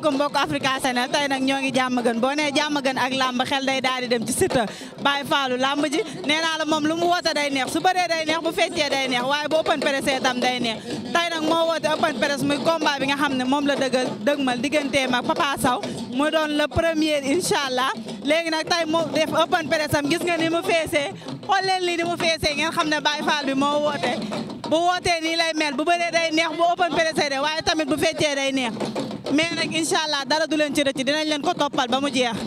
asalaamaaleykum mbokk Africa Channel tey nag ñoo ngi jàmm gën boo nee jàmm gën ak làmb xel day daal dem ci Siteu Baye Fallou làmb ji nee la moom lu mu woote day neex su bëree day neex bu feccee day neex waaye bu open press tam day neex tey moo woote open press muy combat bi nga xam ne moom la dëggal dëgmal digganteem ak Papa Sow mu doon la premier incha allah léegi nag tey mu def open press am gis nga ni mu feesee xool leen lii ni mu feesee ngeen xam ne Baye Fall bi moo woote bu wootee nii lay mel bu bëree day neex bu open pressé de waaye tamit bu feccee day neex mais nag incha dara du leen ci dinañ leen ko toppal ba mu jeex.